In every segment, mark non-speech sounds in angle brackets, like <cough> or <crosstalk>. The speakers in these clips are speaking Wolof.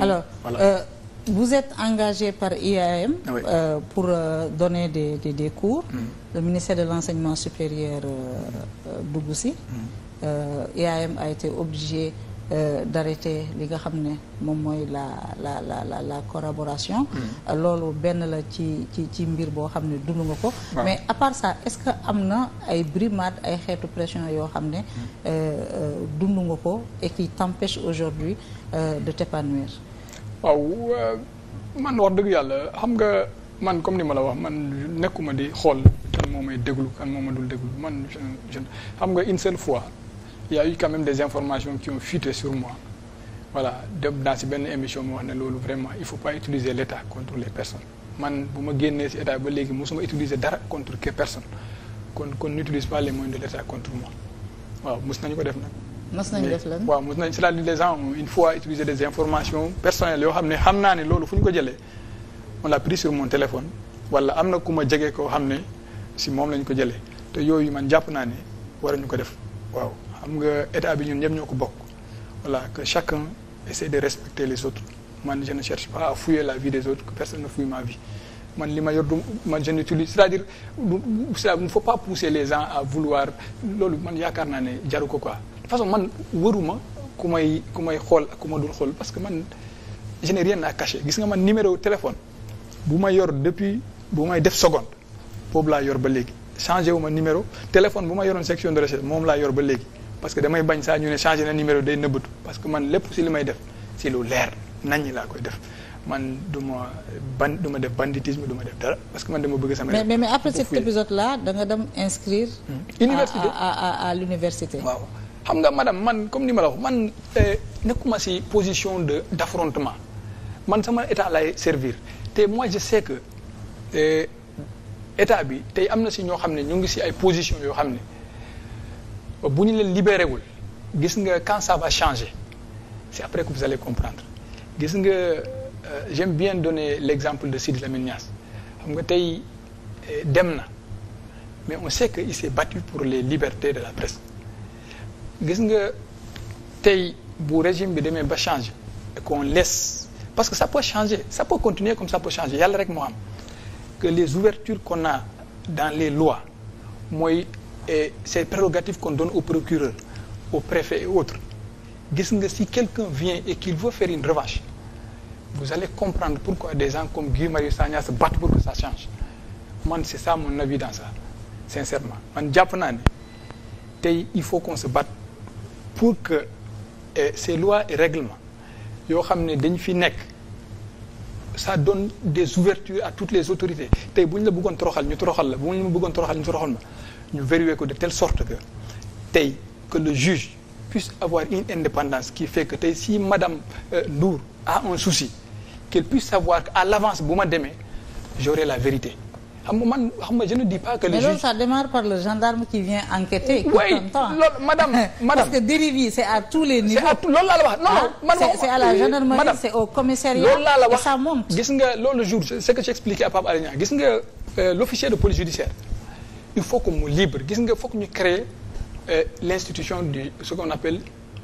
Mm. alors voilà. euh, vous êtes engagé par IAM. Ah oui. Euh, pour euh, donner des, des, des mm. le ministère de l'enseignement supérieur dugg si. IAM a été obligé euh, d'arrêter li nga xam ne moom mooy la la la la la collaboration. Mm. loolu benn la ci ci ci mbir boo xam ne dund nga ko. mais à part ça est-ce que am na ay brimades ay xeetu pression yoo xam ne euh, euh, dund nga ko et qui t'empêche aujourd'hui de t'épanouir waaw euh, man wax dëgg yàlla xam nga man comme ni ma la wax man nekkuma di xool kan moom may déglu kan moo ma dul déglu man xam nga une seule fois y a eu quand même des informations qui ont fuité sur moi voilà dem naa si benn émission mo wax ne loolu vraiment il faut pas utiliser l' état contre les personnes man bu ma génnee si état ba léegi mosuma utiliser dara contre que personne kon kon n'utilise pas les moyens de l' état contre moi waaw mos nañu ko def nag mos nañ def nañ c'est-à-dire les gens ont une fois utilisé yoo xam ne xam naa loolu ñu ko jëlee l'a pris sur mon wala am na ku ma jege koo xam ne si moom lañ ko jëlee te yooyu man jàpp naa ne waruñu ko def waaw xam nga état bi ñun ñëpp ñoo ko bokk voilà que chacun essaie de respecter les autres man je ne cherche pas à fouiller la des autres que personne ne fouille ma vie li ma yor du man je n'utilise c'est-à-dire il ne faut pousser les gens à vouloir loolu man yaakaar naa ne jaru ko quoi façon man wëruma ku may ku may xool ak ku ma dul xool parce que man je n'ai rien à gis nga man numéro téléphone bu ma yor depuis bu may def seconde boobu laa yor ba léegi changé wu ma numéro téléphone bu ma yoroon section de recherche moom laa yor ba léegi parce que damay bañ saa ñu ne changé na numéro day nëbbatu parce que man lépp si li may def si lu leer nañ laa koy def man du ma ban du ma def banditisme du ma def dara parce que man dama bëgg sama. mais mais après da nga dem inscrire. Hmm. université à à à à l'université xam nga madame man comme ni ma la wax man si eh, ci position de d'affrontement man sama état lay servir te moi je sais que eh, état bi tey am na si ñoo xam ne ñu ngi si ay position yoo xam ni bu ñu leen libéré gis nga quand ça va changer c'est après que vous allez comprendre gis nga eh, j'aime bien donner l'exemple de Sidi Lamine Niass xam nga tey dem na mais on sait que il s'est battu pour les libertés de la presse gis nga tey bu régime bi demee ba changer et qu'on laisse parce que ça peut changer ça peut continuer comme ça peut changer yàlla rek moo am que les ouvertures kon a dans les lois mooy ces prérogatives qu'on donne au procureur au préfet et autres gis nga si quelqu'un vient et qu'il veut faire une revanche vous allez comprendre pourquoi des gens comme Guy Marius Sagna se battent pour que ça change man c'est ça mon avis dans ça sincèrement man jàpp naa ne tey il faut qu'on pour que eh, ces lois et yoo xam ne dañ fi nekk sa donne des ouvertures à toutes les autorités tey bu ñu la bëggoon toroxal ñu toroxal la bu ñu la bëggoon toroxal ñu toroxal ma ñu vérifier ko de telle sorte que tey que le juge puisse avoir une indépendance qui fait que tey si madame euh, Ndour a un souci qu'elle puisse savoir à l'avance bu ma demee j'aurai la vérité xam nga man xam nga je ne dis pas que. les juges mais démarre par le gendarme qui vient enquêter. oui loolu madame. <laughs> madame c'est à tous la wax non non. Ah, man c'est à la gendarmerie c'est au commissariat. loolu laa la monte. gis nga loolu jour c'est que j'expliquais à Pape Alé Niang gis euh, l'officier de police judiciaire il faut que mu libre gis nga ñu créer euh, l'institution du ce qu'on appelle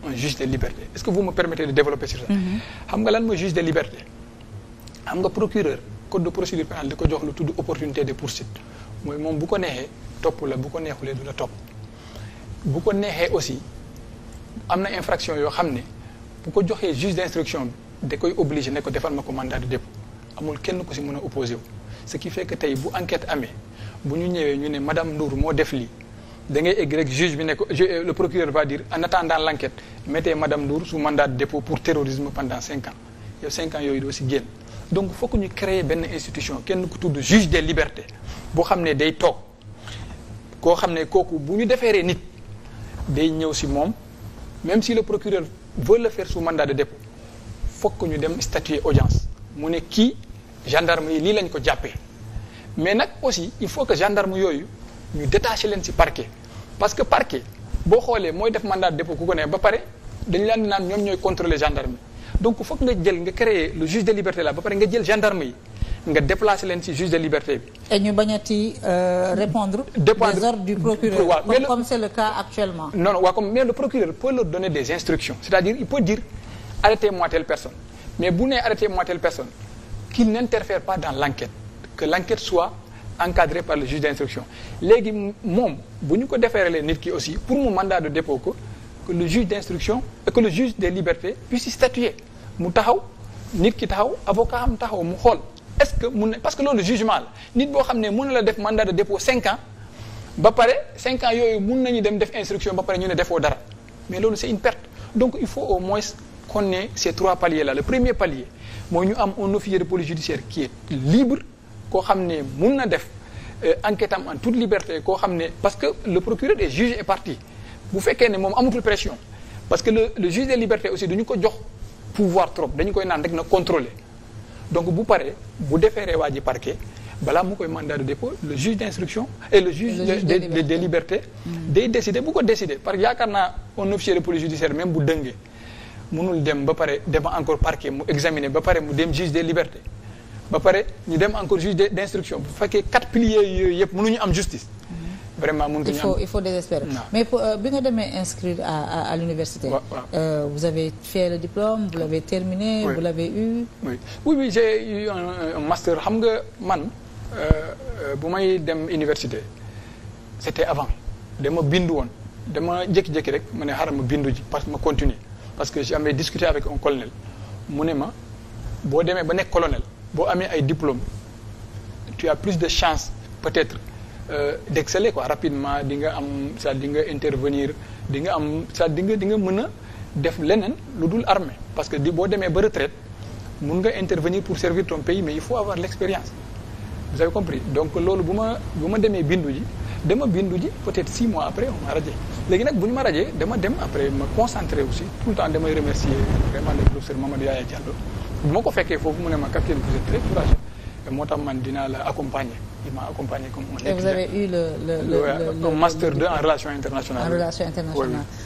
un juge de liberté est-ce que vous me permettez de développer sur ça. Mm-hmm. xam nga lan mooy juge de liberté xam nga procureur. code de procédure pénale di ko jox lu tudd opportunité de poursuite mooy moom bu ko neexee topp la bu ko neexulee du la topp bu ko neexee aussi am na infraction yoo xam ne bu ko joxee juge d'instruction bi da koy obligé ne ko defal ma ko mandat de dépôt amul kenn ko si mën a opposé wu ce qui fekk tey bu enquête amee bu ñu ñëwee ñu ne madame Ndour moo def lii da ngay egg rek juge bi ne ko euh, le procureur va dire en attendant l' enquête mettez madame Ndour pour terrorisme pendant cinq ans yooyu doo génn donc fokk ñu créer benn institution kenn ku tudd juge de libertés boo xam ne day toog koo xam ne kooku bu ñu defeeree nit day ñëw si moom même si le procureur veut le faire sous mandat de dépôt fokk ñu dem statuer audience mu ne kii gendarme yi nii lañ ko jàppee mais nag aussi il faut que gendarme yooyu ñu détaché leen si parquet parce que parquet boo xoolee mooy def mandat de dépôt ku ko ne ba pare dañu leen di naan ñoom ñooy contrôler gendarme donc foog nga jël nga créer le juge de liberté là ba pare nga jël gendarme yi nga déplacer leen ci juge de liberté bi. et ñu bañati euh, répondre. dépendre des ordres du procureur. waaw mais comme c'est le cas actuellement. non non waaw mais le procureur peut leur donner des instructions c'est-à-dire il peut dire arrêtez-moi telle personne mais bu nee arrêtez-moi telle personne qu'il n'interfère pas dans l'enquête que l'enquête soit. encadré par le juge d'instruction léegi moom bu ñu ko déférelee nit ki aussi pour mu mandat de ko que le juge d'instruction et que le juge mu taxaw nit ki taxaw avocat am taxaw mu xool est-ce que mun na parce que loolu jugement la nit boo xam ne mun na la def mandat de dépôt cinq ans ba pare cinq ans yooyu mun nañu dem def instruction ba pare ñu ne defoo dara mais loolu c'est une perte donc il faut au moins qu'on ait ces trois paliers là le premier palier mooy ñu am un officier de police judiciaire qui est libre koo xam ne mun na def euh, enquête am en toute liberté koo xam ne parce que le procureur est juge et partie bu fekkee moom amatul pression parce que le le juge des libertés aussi ko jox pouvoir trop dañu koy naan rek na controler donc bu paree bu déféree waa ji parquet balaa mu koy mandat de dépôt le juge d'instruction et le juge de des day décider bu ko décider parce que yaakaar naa un officier de police judiciaire même bu dëngee mënul dem ba pare dem encore parquet mu examiner ba pare mu dem juge des libertés ba pare ñu dem encore juge d'instruction bu fekkee quatre piliers yooyu yëpp ñu am justice vraiment mënut il faut il faut désespérer non. mais euh, bi nga demee inscrire à à, à l'université ouais, ouais. euh, vous avez fait le diplôme vous l'avez terminé. vous l'avez eu. oui xam nga man euh, euh, bu may dem université c'était avant dama bindu woon dama jékki-jékki rek ma ne xaaral ma bindu ji parce que ma continuer parce que j'avais discuté avec un colonel mu ne ma boo demee ba nekk colonel boo amee ay diplôme tu as plus de chance peut-être. Euh, d'exceller ko rapidement di nga am ça di nga intervenir di nga am ça di nga di nga mën a def leneen lu dul armée parce que di boo demee ba retraite mun nga intervenir pour servir ton pays mais il faut avoir l'expérience vous donc loolu bu ma bu ma demee bindu ji dama bindu ji peut-être six mois après m'a radié léegi nag bu ñu ma radié dama dem après ma concentré aussi tout le temps damay remercier vraiment le professeur Mamadou Yaya bu ma ko fekkee foofu mu ne ma capitaine vous êtes très moo tax man dinaa la accompagner il m'a accompagné comme un étudiant. Et vous avez eu le le le, le, le master 2 en relations internationales. En relations internationales. Oui, oui.